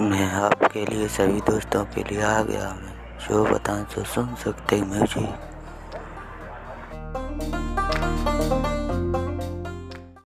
मैं आपके लिए सभी दोस्तों के लिए आ गया हूँ जो बताएं तो सुन सकते हैं मुझे